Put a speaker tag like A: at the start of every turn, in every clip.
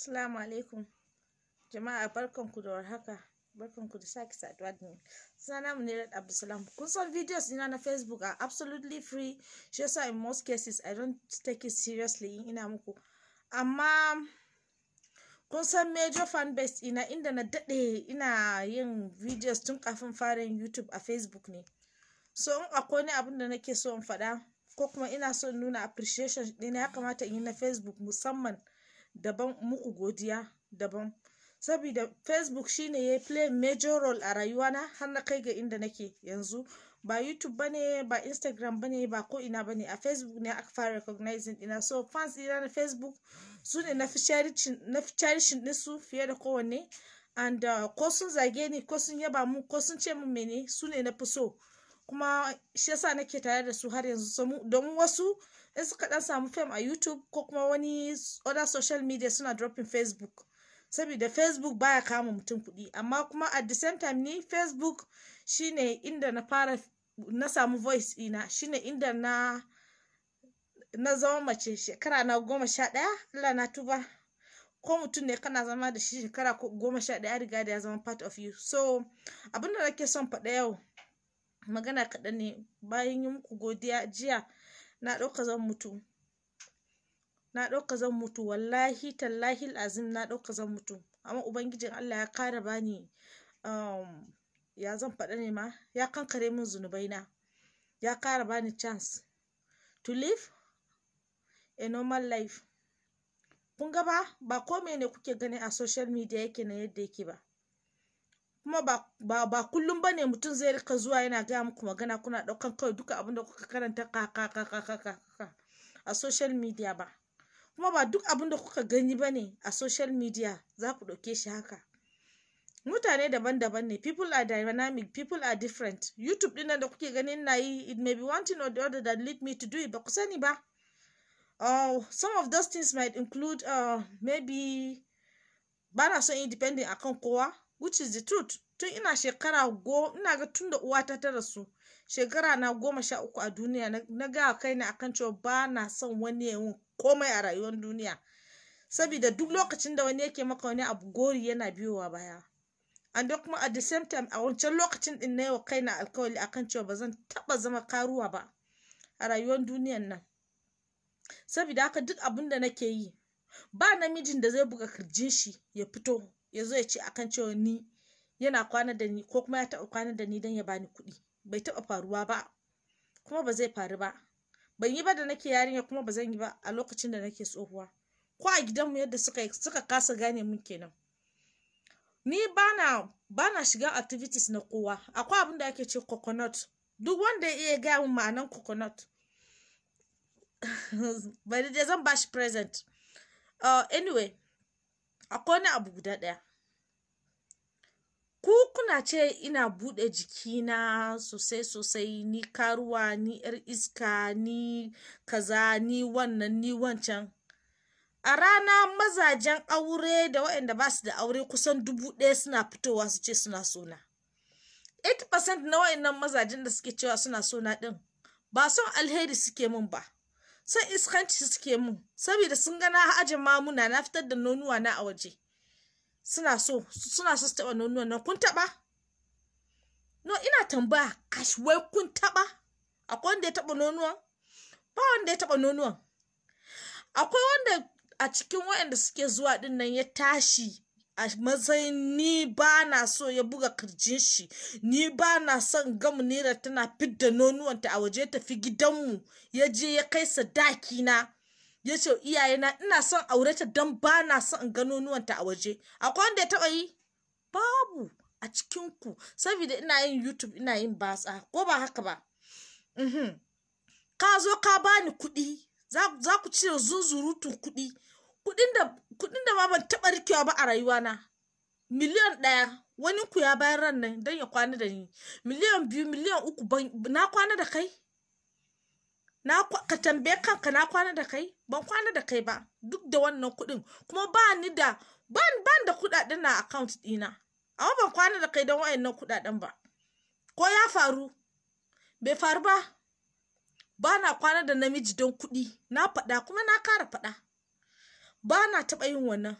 A: Assalamu alaikum. Jama'a barkanku da warhaka. Barkanku da sake saduwa da ni. Sunana mu ne Abdulsalam. Kun san videos ina na Facebook are absolutely free. Shi yasa in most cases I don't take it seriously in ina muku. Amma kun san major fan base ina inda na dade ina yin videos tun kafin fara yin YouTube a Facebook ne. So in akwai ne abin da nake so in faɗa ko kuma ina so in nuna appreciation ɗina ya kamata in yi na Facebook musamman daban muku godiya daban saboda facebook shine ya play major role a rayuwana har na kai ga inda nake yanzu ba youtube bane ba instagram bane ba ko ina bane a facebook ne aka fara recognizing ina so fans ina na facebook su ne na fi cherishin su fiye da kowanne and uh, ko sun zage ni ko sun yaba mu ko sun ce min mene su ne na fi so kuma shi yasa nake tare da su har yanzu domin wasu in suka dan samu fame a youtube ko kuma wani other social media suna dropping facebook saboda facebook baya kama mutum kudi amma kuma at the same time ni facebook shine inda na fara na samu voice ina shine inda na na zama mace shekara na goma sha daya Allah na tuba ko mutum ne kana zama da shi shekara goma sha daya riga da ya zama part of you so abinda da nake son faɗa yau magana kaɗan ne bayan yi muku godiya jiya na ɗauka zan mutu na ɗauka zan mutu wallahi tallahi azim na ɗauka zan mutu amma ubangijin Allah ya kara bani um, ya zan faɗa ne ma ya kankare min zunubai na ya kara bani chance to live a normal life kun ga ba ba komai ne kuke gani a social media yake na yadda yake ba kuma ba ba, kullum bane mutum zai rika zuwa yana gaya muku magana kuna ɗaukan kawai duka abin kuka karanta ka ka ka ka ka a social media ba kuma ba duk abin da kuka gani bane a social media za ku ɗauke shi haka mutane daban-daban ne people are dynamic people are different youtube ɗin da kuke ganin na yi it may be one thing or the other that lead me to do it ba ku sani ba uh, some of those things might include uh, maybe ba na son yi depending akan kowa which is the truth tun ina shekara go ina ga tunda da uwata ta rasu shekara na goma sha uku a duniya na ga kaina akan cewa ba na son wani ya yin komai a rayuwar duniya saboda duk lokacin da wani yake maka wani abu gori yana biyowa baya and kuma at the same time a wancan lokacin din na yau kaina alkawali akan cewa ba zan taba zama karuwa ba a rayuwar duniyan nan saboda haka duk abin da nake yi ba namijin da zai buga kirjin shi ya fito ya zo ya ce akan cewa ni yana kwana da ni ko kuma ya taɓa kwana da ni don ya bani kuɗi bai taɓa faruwa ba kuma ba zai faru ba ban yi ba da nake yarinya kuma ba zan yi ba a lokacin da nake tsohuwa ko a gidanmu yadda suka suka kasa gane mun kenan ni bana bana shiga activities na kowa akwai abin da ake ce coconut duk wanda ya iya gaya mun ma'anan coconut bari dai zan bashi present uh, anyway akwai wani abu guda ɗaya ku kuna ce ina buɗe jikina sosai sosai ni karuwa ni yar iska ni kaza ni wannan ni wancan a rana mazajen aure da waɗanda ba su da aure kusan dubu ɗaya suna fitowa su ce suna sona 80% na waɗannan mazajen da suke cewa suna sona ɗin ba son alheri suke min ba sai iskanci suke mun saboda sun ga na ajin mamuna na fitar da nonuwa na a waje suna so suna so su taba nonuwa nan kun taba no ina tambaya kashi wai kun taba akwai wanda ya taba nonuwa ba wanda ya taba nonuwa akwai wanda a cikin waɗanda suke zuwa ɗinnan ya tashi a matsayin ni ba na so ya buga kirjin shi ni ba na son ga munira tana fidda nonuwanta a waje tafi gidanmu ya je ya kai sadaki na ya ce iyaye na ina son aure ta don ba na son in ga nonuwanta a waje akwai wanda ya taɓa yi babu a cikin ku saboda ina yin youtube ina yin batsa ko ba haka ba uhm. ka zo ka bani kuɗi za ku cire zuzurutu kuɗi kuɗin da kuɗin da ma ban taɓa rikewa ba a rayuwana miliyan ɗaya wani ku ya bayar ran nan don ya kwana da ni miliyan biyu miliyan uku na kwana da kai na ka tambaye kanka na kwana da kai ban kwana da kai ba duk da wannan kuɗin kuma ba ni da ban ban da kuɗaɗen na account ɗina amma ban kwana da kai don wayannan kuɗaɗen ba ko ya faru bai faru ba ba na kwana da namiji don kuɗi na faɗa kuma na kara faɗa ba na taɓa yin wannan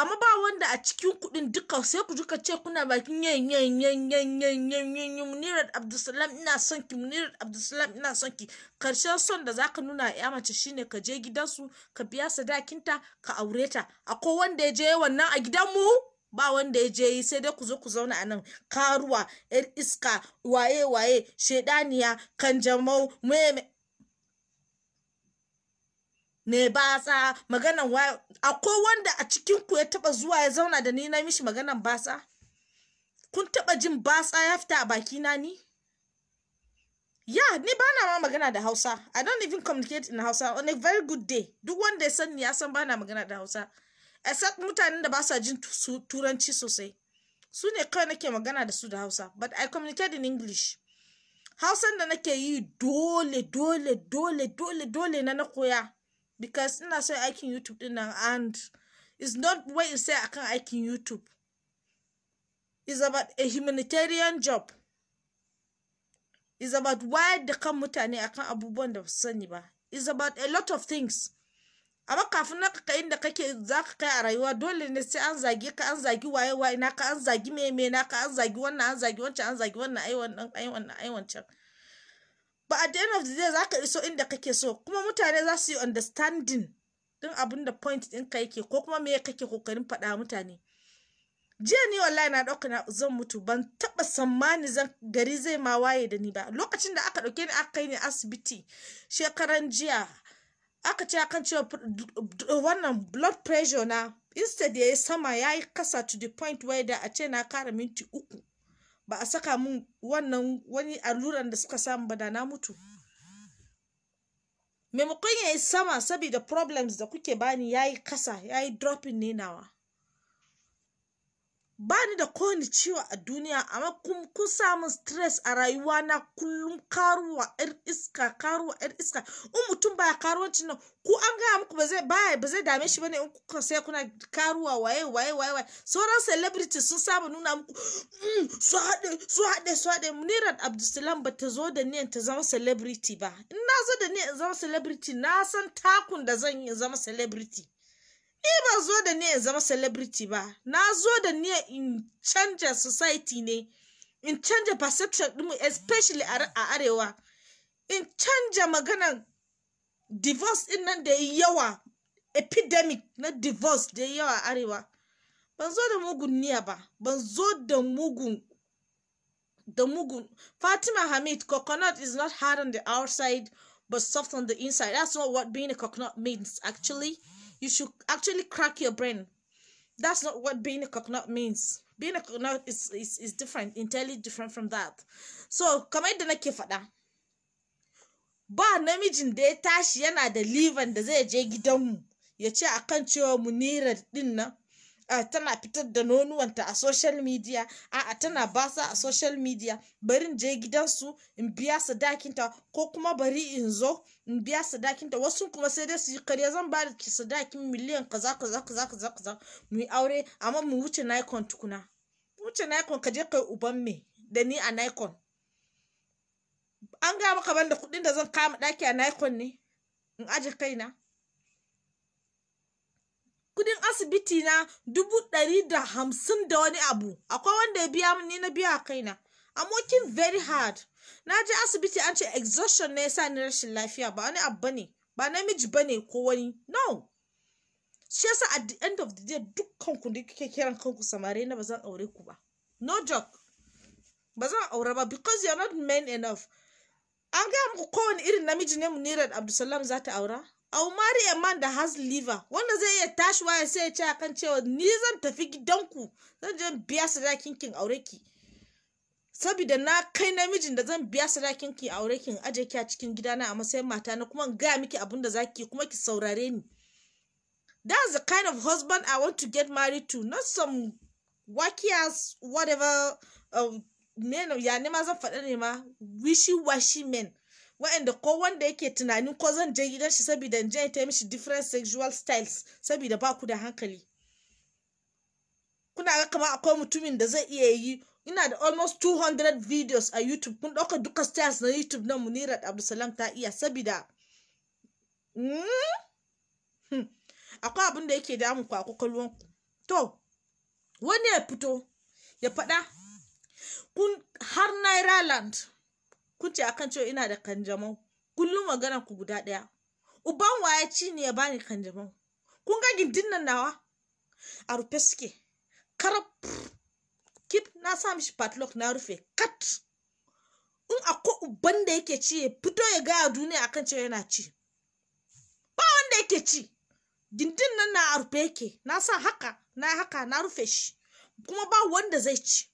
A: amma ba wanda a cikin kuɗin duka sai ku duka ce kuna bakin yan yan yan yan yan yan yan yan abdulsalam ina son ki munirat abdulsalam ina son ki karshen son da zaka nuna ya mace shine ka je gidansu ka biya sadakinta ka aure ta akwai wanda ya je wannan a gidanmu ba wanda ya je yi sai dai ku zo ku zauna a nan karuwa yar iska waye waye shedaniya kanjamau meme ba batsa maganan wa akwai wanda a cikin ku ya taba zuwa ya zauna da ni na mishi maganan batsa kun taba jin batsa ya fita a baki na ni ya ni bana ma magana da Hausa I don't even communicate in Hausa on a very good day duk wanda ya san ni ya san bana magana da Hausa except mutanen da ba sa jin turanci sosai su ne kawai nake magana da su da Hausa but I communicate in English Hausan da nake yi dole dole dole dole dole na na koya because ina son aikin YouTube din nan and it's not wai in sai akan aikin YouTube is about a humanitarian job is about wayar da kan mutane akan abubuwan da su sani ba is about a lot of things amma kafin na kai inda kake za ka kai a rayuwa dole ne sai an zagi ka an zagi waye waye ka an zagi meme ka an zagi wannan an zagi wancan an zagi wannan ai wannan ai wannan ai wancan ba at the end of the day ka iso inda kake so kuma mutane za su yi understanding din abin da point ka yake ko kuma me kake kokarin faɗa mutane jiya ni wallahi na ɗauka na zan mutu ban taɓa sammani zan gari zai ma waye da ni ba lokacin da aka ɗauke ni aka kai ni asibiti shekaran jiya aka ce akan cewa wannan blood pressure na instead ya yi sama ya yi kasa to the point where da a ce na kara minti uku ba a saka mun wannan wani alluran da suka samu ba da na mutu maimakon ya yi sama saboda problems da kuke bani ya yi kasa ya yi dropping ne nawa bani da kowane ciwo a duniya amma kun kun samun stress a rayuwa na kullum karuwa yar iska karuwa yar iska in mutum baya cin nan ku an gaya muku ba zai baya ba zai dame shi bane in kuka sai kuna karuwa waye waye waye waye sauran celebrities sun saba nuna muku mm, su haɗe su haɗe su haɗe Munirat Abdulsalam ba ta zo da niyan ta zama celebrity ba in na zo da niyan zama celebrity na san takun da zan yi zama celebrity ni ban zo da niyan zama celebrity ba na zo da niyan in change society ne in change perception ɗinmu especially a arewa in change magana divorce in nan da yawa epidemic na divorce da yawa arewa ban zo da mugun niya ba ban zo da mugun the mugun fatima hamid coconut is not hard on the outside but soft on the inside that's not what being a coconut means actually you should actually crack your brain that's not what being a coconut means being a coconut is is, is different entirely different from that so come don't nake faɗa ba namijin da ya tashi yana da livan da zai je gidanmu ya ce akan cewa my din nan Ah, tana fitar da nonuwanta a social media a'a tana basa a social media barin in je gidansu in biya sadakinta ko kuma bari in zo in biya sadakinta wasu kuma sai dai su yi karya zan ba da sadakin miliyan kaza kaza kaza kaza kaza mu yi aure amma mu wuce nikon tukuna wuce nikon ka je kai uban me da ni a nikon an ga maka banda kuɗin da zan kama ɗaki a nikon ne in aje kaina kudin asibiti na dubu ɗari da hamsin da wani abu akwai wanda ya biya ni na biya kaina I'm working very hard na je asibiti an ce exhaustion ya yasa ni rashin lafiya ba wani abu bane ba namiji bane ko wani no shi yasa at the end of the day dukkan ku da kike kiran kanku samare na ba zan aure ku ba no joke ba zan aure ba because you are not men enough an gaya muku kowane irin namiji ne munirar abdulsalam za ta aura Aumari Eman da has liver wanda zai iya tashiwa ya sai ya ce kan cewa ni zan tafi gidanku zan je biya sadakin kin aure saboda na kai namijin da zan biya sadakin ki aure aje ki a cikin gidana a matsayin mata na kuma in gaya miki abin da zaki kuma ki saurare ni that's the kind of husband I want to get married to not some wacky whatever uh, um, men ya ne ma zan faɗa ne ma wishy washy men wa'anda ko wanda yake tunanin ko zan je gidan shi saboda je ta mishi different sexual styles saboda ba ku da hankali kuna ga kamar akwai mutumin da zai iya yi ina da almost 200 videos a youtube kun ɗauka duka styles na youtube na munirat abdulsalam ta iya saboda hmm, akwai abin da yake damun ku a ku to wani ya fito ya faɗa kun har Naira land kun ce akan cewa ina da kanjamau kullum maganar ku guda ɗaya uban waya ci ne ya bani kanjamau kun ga gindin nan nawa a rufe suke karab kit na sa mishi patlock na rufe kat in akwai uban da yake ci ya fito ya gaya duniya akan cewa yana ci ba wanda yake ci gindin nan na a rufe yake na sa haka na haka na rufe shi kuma ba wanda zai ci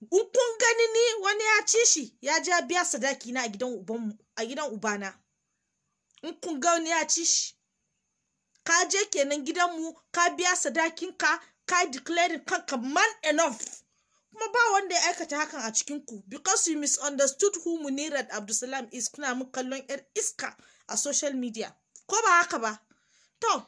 A: in gani ni wani ya ci shi ya ja biya sadaki na a gidan uban a gidan ubana in kun ga wani ya ci shi ka je kenan gidanmu ka biya sadakin ka ka declaring kanka man enough kuma ba wanda ya aikata hakan a cikin ku because you misunderstood who Munirat Abdulsalam is kuna mun kallon yar iska a social media ko ba haka ba to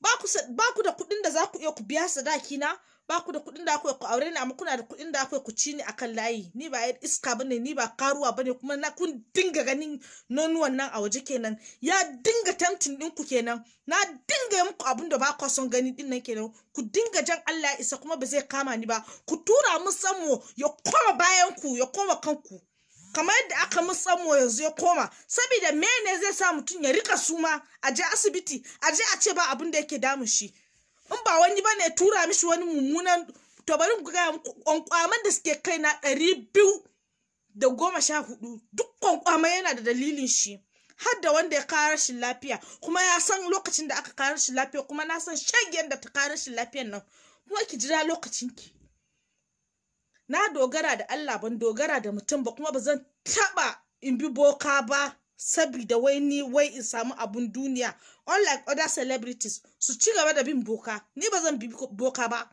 A: ba ku da kuɗin da za ku iya ku biya sadaki na ba ku da kuɗin da akwai ku aure ni amma kuna da kuɗin da akwai ku ci ni akan layi ni ba yar iska bane ni ba karuwa bane kuma na kun dinga ganin nonuwan nan a waje kenan ya dinga tamtin din ku kenan na dinga muku abin da ba ku son gani din nan kenan ku dinga jan Allah isa kuma ba zai kama ni ba ku tura mu samo ya koma bayan ku ya koma kanku kamar yadda aka mu samo yanzu ya koma saboda mene zai sa mutum ya rika suma a je asibiti a je a ce ba abin da yake damun shi in ba wani bane tura mishi wani mummunan to bari ku ga kwankwaman da suke kai na ɗari biyu da goma sha hudu duk kwankwama yana da dalilin shi har da wanda ya kare shi lafiya kuma ya san lokacin da aka kare shi lafiya kuma na san shagen da ta kare shi lafiyan nan kuma ki jira lokacin ki na dogara da Allah ban dogara da mutum ba kuma ba zan taba in bi boka ba sabida wai ni wai in samu abun duniya unlike other celebrities su ci gaba da bin boka ni ba zan bi boka ba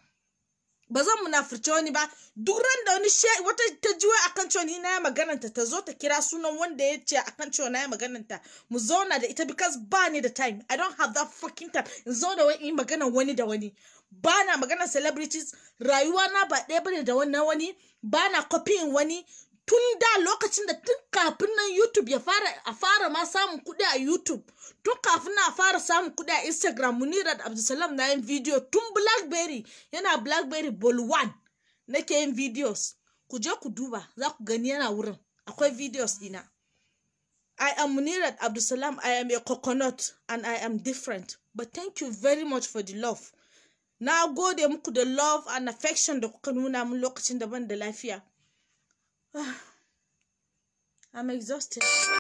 A: ba zan furce wani ba duk ran da wani she wata ta ji wai akan cewa ni na yi magananta ta zo ta kira sunan wanda ya ce akan cewa na yi magananta mu zauna da ita because ba ni da time i don't have that fucking time in zo da wani maganan wani da wani ba na maganar celebrities rayuwa na ba ɗaya bane da wannan wani ba na copying wani tun da lokacin da tun kafin nan YouTube ya fara a fara ma samun kuɗi a YouTube tun kafin na fara samun kuɗi a Instagram da Abdulsalam na yin video tun Blackberry yana Blackberry Ball 1 nake yin videos ku je ku duba za ku gani yana wurin akwai videos dina I am Munirat Abdulsalam I am a coconut and I am different but thank you very much for the love na gode muku da love and affection da kuka nuna mun lokacin daban da lafiya I'm exhausted.